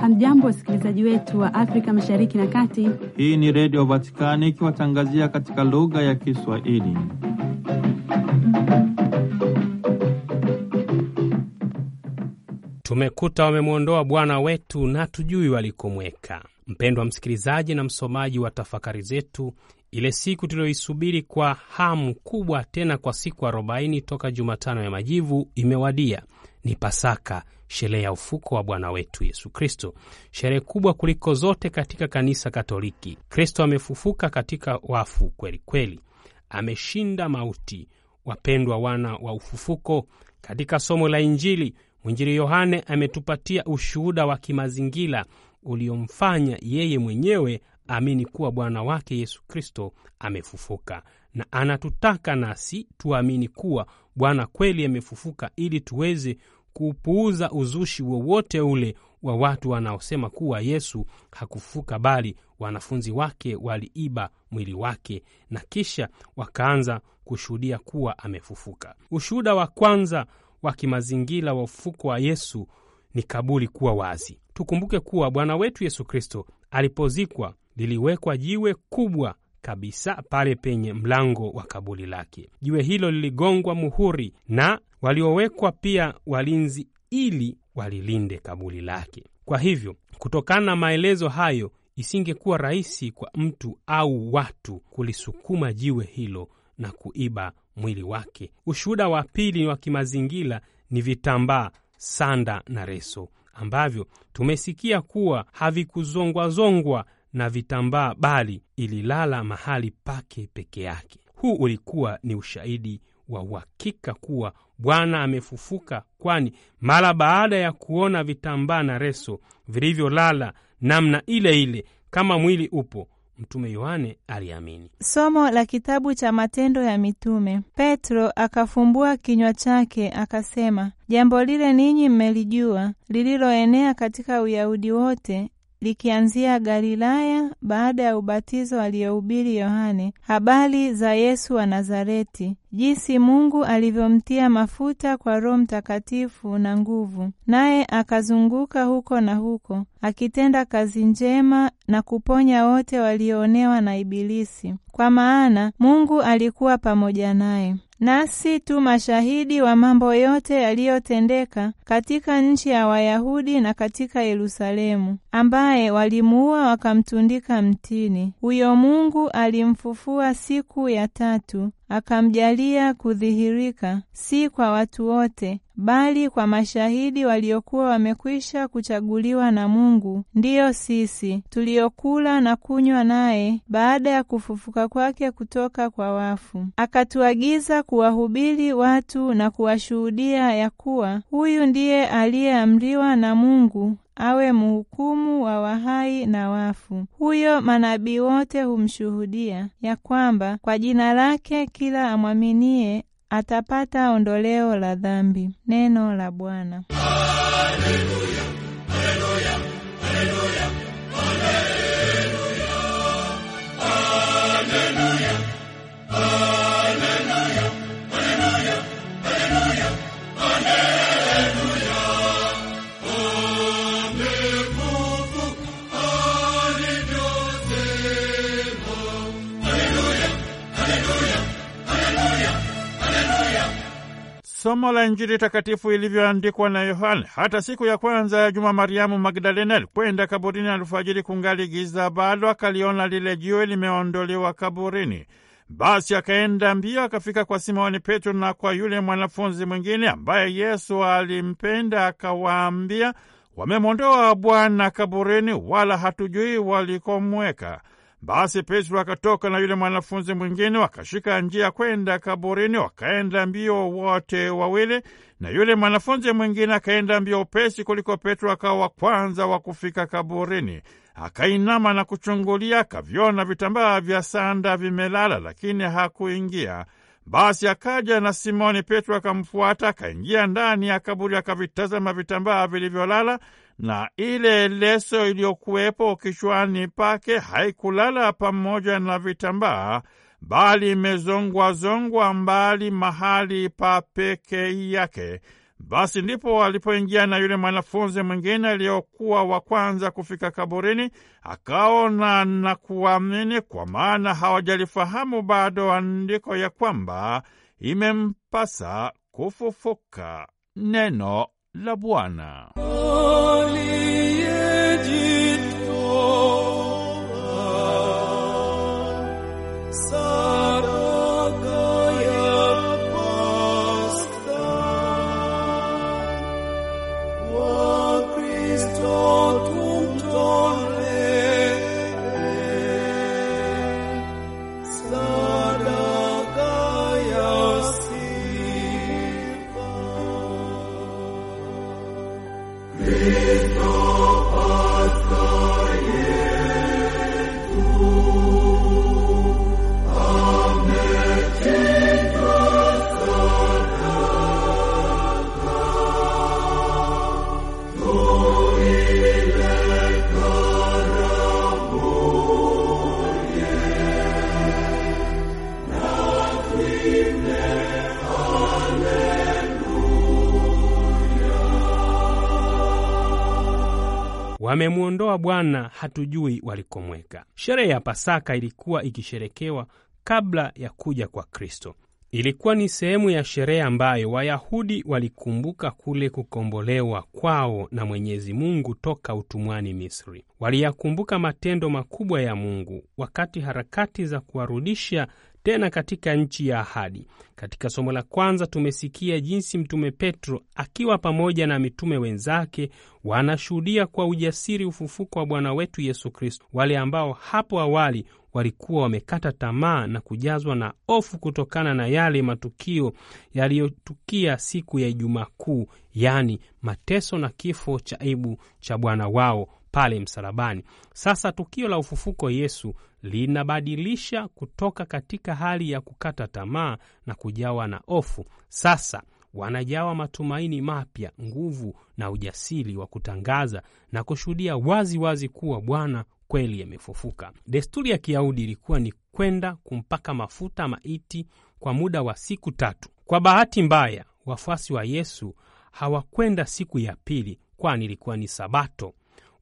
Hamjambo, wasikilizaji wetu wa Afrika mashariki na kati. Hii ni Redio Vatikani ikiwatangazia katika lugha ya Kiswahili. Mm-hmm. Tumekuta wamemwondoa Bwana wetu na tujui walikomweka. Mpendwa msikilizaji na msomaji wa tafakari zetu, ile siku tuliyoisubiri kwa hamu kubwa, tena kwa siku arobaini toka Jumatano ya Majivu imewadia. Ni Pasaka, sherehe ya ufuko wa Bwana wetu Yesu Kristo, sherehe kubwa kuliko zote katika kanisa Katoliki. Kristo amefufuka katika wafu, kweli kweli ameshinda mauti. Wapendwa wana wa ufufuko, katika somo la Injili mwinjili Yohane ametupatia ushuhuda wa kimazingira uliomfanya yeye mwenyewe aamini kuwa Bwana wake Yesu Kristo amefufuka, na anatutaka nasi tuamini kuwa Bwana kweli amefufuka, ili tuweze kupuuza uzushi wowote ule wa watu wanaosema kuwa Yesu hakufufuka, bali wanafunzi wake waliiba mwili wake na kisha wakaanza kushuhudia kuwa amefufuka. Ushuhuda wa kwanza wa kimazingira wa ufufuko wa Yesu ni kaburi kuwa wazi. Tukumbuke kuwa Bwana wetu Yesu Kristo alipozikwa liliwekwa jiwe kubwa kabisa pale penye mlango wa kaburi lake. Jiwe hilo liligongwa muhuri na waliowekwa pia walinzi ili walilinde kaburi lake. Kwa hivyo, kutokana na maelezo hayo, isingekuwa rahisi kwa mtu au watu kulisukuma jiwe hilo na kuiba mwili wake. Ushuhuda wa pili wa kimazingira ni vitambaa, sanda na reso ambavyo tumesikia kuwa havikuzongwazongwa na vitambaa, bali ililala mahali pake peke yake. Huu ulikuwa ni ushahidi wa uhakika kuwa Bwana amefufuka, kwani mara baada ya kuona vitambaa na leso vilivyolala namna ile ile kama mwili upo, Mtume Yohane aliamini. Somo la kitabu cha Matendo ya Mitume. Petro akafumbua kinywa chake akasema, jambo lile ninyi mmelijua, lililoenea katika Uyahudi wote, likianzia Galilaya baada ya ubatizo aliyehubiri Yohane, habari za Yesu wa Nazareti, jinsi Mungu alivyomtia mafuta kwa Roho Mtakatifu na nguvu, naye akazunguka huko na huko akitenda kazi njema na kuponya wote walioonewa na Ibilisi, kwa maana Mungu alikuwa pamoja naye. Nasi tu mashahidi wa mambo yote yaliyotendeka katika nchi ya Wayahudi na katika Yerusalemu, ambaye walimuua wakamtundika mtini. Huyo Mungu alimfufua siku ya tatu, akamjalia kudhihirika, si kwa watu wote, bali kwa mashahidi waliokuwa wamekwisha kuchaguliwa na Mungu, ndiyo sisi tuliokula na kunywa naye baada ya kufufuka kwake kutoka kwa wafu. Akatuagiza kuwahubiri watu na kuwashuhudia ya kuwa huyu ndiye aliyeamriwa na Mungu awe mhukumu wa wahai na wafu. Huyo manabii wote humshuhudia ya kwamba kwa jina lake kila amwaminie atapata ondoleo la dhambi. Neno la Bwana. Haleluya, haleluya, haleluya, haleluya. Somo la Injili takatifu ilivyoandikwa na Yohane. Hata siku ya kwanza ya juma, Mariamu Magdalena alikwenda kaburini alfajiri, kungali giza bado, akaliona lile jiwe limeondolewa kaburini. Basi akaenda mbio akafika kwa Simoni Petro na kwa yule mwanafunzi mwingine ambaye Yesu alimpenda, akawaambia, wamemwondoa Bwana kaburini, wala hatujui walikomweka. Basi Petro akatoka na yule mwanafunzi mwingine, wakashika njia kwenda kaburini, wakaenda mbio wote wawili, na yule mwanafunzi mwingine akaenda mbio upesi kuliko Petro, akawa wa kwanza wa kufika kaburini. Akainama na kuchungulia, akaviona vitambaa vya sanda vimelala, lakini hakuingia. Basi akaja na Simoni Petro akamfuata, akaingia ndani ya kaburi, akavitazama vitambaa vilivyolala na ile leso iliyokuwepo kichwani pake haikulala pamoja na vitambaa, bali imezongwazongwa mbali mahali pa peke yake. Basi ndipo alipoingia na yule mwanafunzi mwingine aliyokuwa wa kwanza kufika kaburini, akaona na kuamini, kwa maana hawajalifahamu bado andiko ya kwamba imempasa kufufuka. Neno La Buena wamemwondoa Bwana, hatujui walikomweka. Sherehe ya Pasaka ilikuwa ikisherekewa kabla ya kuja kwa Kristo. Ilikuwa ni sehemu ya sherehe ambayo Wayahudi walikumbuka kule kukombolewa kwao na Mwenyezi Mungu toka utumwani Misri. Waliyakumbuka matendo makubwa ya Mungu wakati harakati za kuwarudisha tena katika nchi ya ahadi. Katika somo la kwanza tumesikia jinsi Mtume Petro akiwa pamoja na mitume wenzake wanashuhudia kwa ujasiri ufufuko wa Bwana wetu Yesu Kristo. Wale ambao hapo awali walikuwa wamekata tamaa na kujazwa na hofu kutokana na yale matukio yaliyotukia siku ya Ijumaa Kuu, yaani mateso na kifo cha aibu cha Bwana wao pale msalabani. Sasa tukio la ufufuko Yesu linabadilisha kutoka katika hali ya kukata tamaa na kujawa na hofu. Sasa wanajawa matumaini mapya, nguvu na ujasiri wa kutangaza na kushuhudia wazi wazi kuwa Bwana kweli amefufuka. Desturi ya Kiyahudi ilikuwa ni kwenda kumpaka mafuta maiti kwa muda wa siku tatu. Kwa bahati mbaya, wafuasi wa Yesu hawakwenda siku ya pili, kwani ilikuwa ni Sabato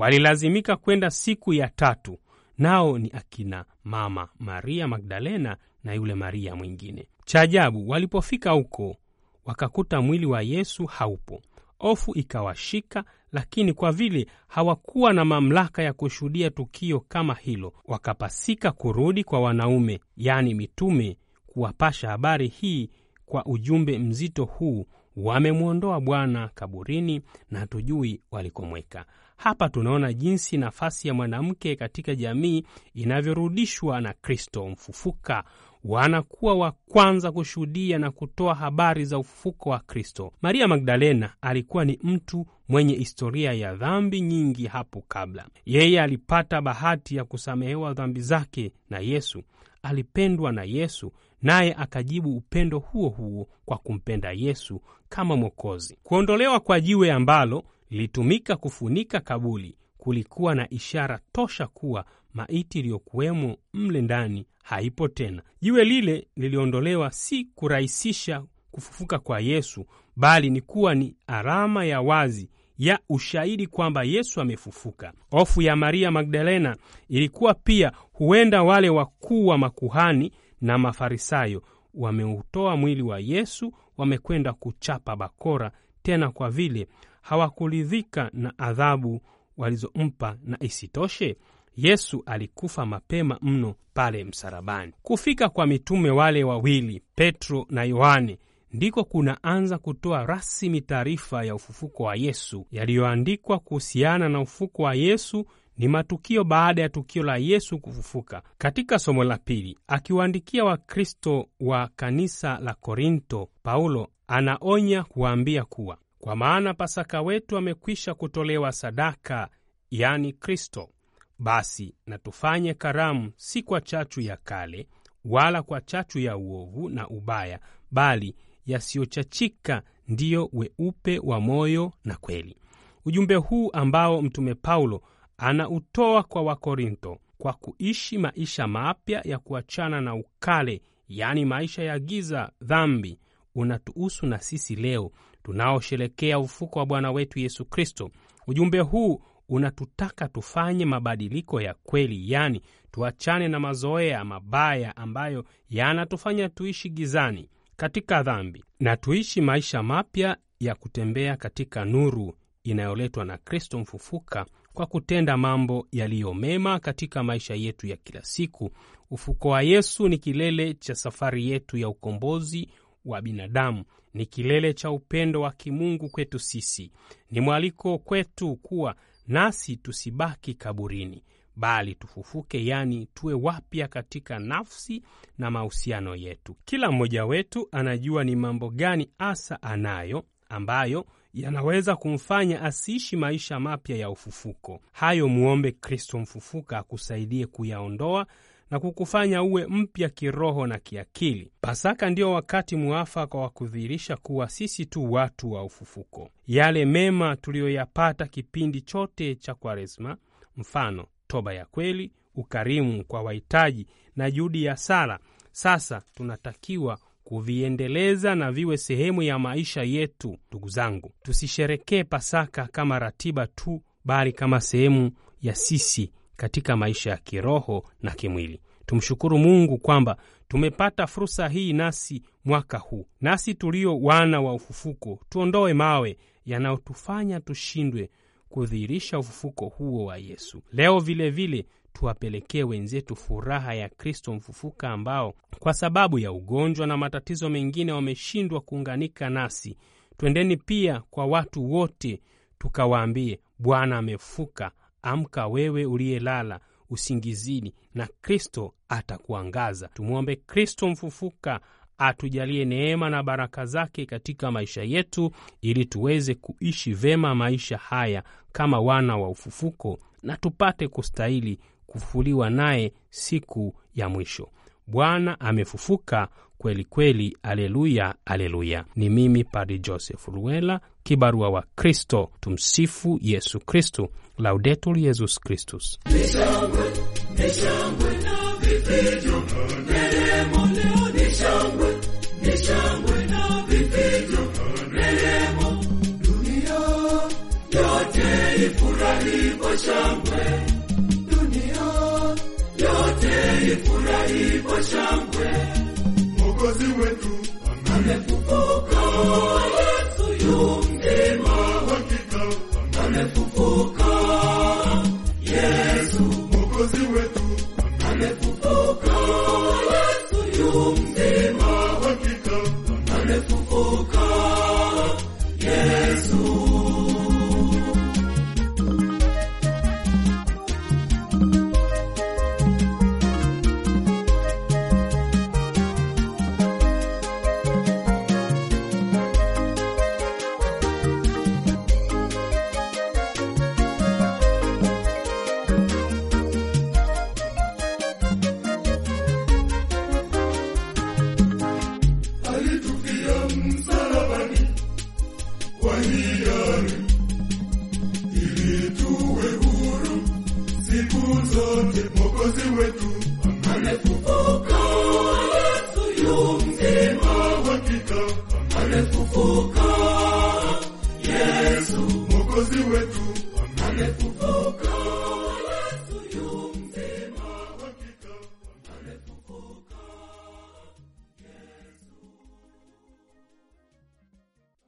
walilazimika kwenda siku ya tatu, nao ni akina mama Maria Magdalena na yule Maria mwingine. Cha ajabu, walipofika huko wakakuta mwili wa Yesu haupo. Hofu ikawashika, lakini kwa vile hawakuwa na mamlaka ya kushuhudia tukio kama hilo, wakapasika kurudi kwa wanaume, yaani mitume, kuwapasha habari hii kwa ujumbe mzito huu: wamemwondoa Bwana kaburini na hatujui walikomweka. Hapa tunaona jinsi nafasi ya mwanamke katika jamii inavyorudishwa na Kristo mfufuka. Wanakuwa wa kwanza kushuhudia na kutoa habari za ufufuko wa Kristo. Maria Magdalena alikuwa ni mtu mwenye historia ya dhambi nyingi hapo kabla. Yeye alipata bahati ya kusamehewa dhambi zake na Yesu. Alipendwa na Yesu, naye akajibu upendo huo huo kwa kumpenda Yesu kama Mwokozi. Kuondolewa kwa jiwe ambalo lilitumika kufunika kaburi, kulikuwa na ishara tosha kuwa maiti iliyokuwemo mle ndani haipo tena. Jiwe lile liliondolewa si kurahisisha kufufuka kwa Yesu, bali ni kuwa ni alama ya wazi ya ushahidi kwamba Yesu amefufuka. Hofu ya Maria Magdalena ilikuwa pia huenda wale wakuu wa makuhani na Mafarisayo wameutoa mwili wa Yesu, wamekwenda kuchapa bakora, tena kwa vile hawakuridhika na adhabu walizompa, na isitoshe Yesu alikufa mapema mno pale msalabani. Kufika kwa mitume wale wawili Petro na Yohane ndiko kunaanza kutoa rasmi taarifa ya ufufuko wa Yesu. Yaliyoandikwa kuhusiana na ufufuko wa Yesu ni matukio baada ya tukio la Yesu kufufuka. Katika somo la pili, akiwaandikia Wakristo wa kanisa la Korinto, Paulo anaonya kuwaambia kuwa kwa maana Pasaka wetu amekwisha kutolewa sadaka, yani Kristo. Basi na tufanye karamu, si kwa chachu ya kale, wala kwa chachu ya uovu na ubaya, bali yasiyochachika ndiyo weupe wa moyo na kweli. Ujumbe huu ambao Mtume Paulo anautoa kwa wakorintho kwa kuishi maisha mapya ya kuachana na ukale, yaani maisha ya giza, dhambi, unatuhusu na sisi leo tunaosherekea ufuko wa Bwana wetu Yesu Kristo. Ujumbe huu unatutaka tufanye mabadiliko ya kweli, yaani tuachane na mazoea mabaya ambayo yanatufanya tuishi gizani katika dhambi na tuishi maisha mapya ya kutembea katika nuru inayoletwa na Kristo mfufuka kwa kutenda mambo yaliyo mema katika maisha yetu ya kila siku. Ufuko wa Yesu ni kilele cha safari yetu ya ukombozi wa binadamu ni kilele cha upendo wa kimungu kwetu sisi. Ni mwaliko kwetu kuwa nasi tusibaki kaburini, bali tufufuke, yaani tuwe wapya katika nafsi na mahusiano yetu. Kila mmoja wetu anajua ni mambo gani hasa anayo ambayo yanaweza kumfanya asiishi maisha mapya ya ufufuko. Hayo muombe Kristo mfufuka akusaidie kuyaondoa na kukufanya uwe mpya kiroho na kiakili. Pasaka ndiyo wakati mwafaka wa kudhihirisha kuwa sisi tu watu wa ufufuko, yale mema tuliyoyapata kipindi chote cha Kwaresma, mfano toba ya kweli, ukarimu kwa wahitaji na juhudi ya sala, sasa tunatakiwa kuviendeleza na viwe sehemu ya maisha yetu. Ndugu zangu, tusisherekee Pasaka kama ratiba tu, bali kama sehemu ya sisi katika maisha ya kiroho na kimwili. Tumshukuru Mungu kwamba tumepata fursa hii nasi mwaka huu. Nasi tulio wana wa ufufuko, tuondoe mawe yanayotufanya tushindwe kudhihirisha ufufuko huo wa Yesu. Leo vilevile vile, tuwapelekee wenzetu furaha ya Kristo mfufuka ambao kwa sababu ya ugonjwa na matatizo mengine wameshindwa kuunganika nasi. Twendeni pia kwa watu wote tukawaambie Bwana amefufuka, Amka wewe uliyelala usingizini na Kristo atakuangaza. Tumwombe Kristo mfufuka atujalie neema na baraka zake katika maisha yetu, ili tuweze kuishi vema maisha haya kama wana wa ufufuko na tupate kustahili kufufuliwa naye siku ya mwisho. Bwana amefufuka! kweli kweli. Aleluya, aleluya. Ni mimi Padri Joseph luela kibarua wa Kristo. Tumsifu Yesu Kristu, Laudetur Yesus Kristus. Dunia yote ifurahi kwa shangwe. mwokozi wetu amekufufuka Yesu yu wewe huru siku zote, Mwokozi wetu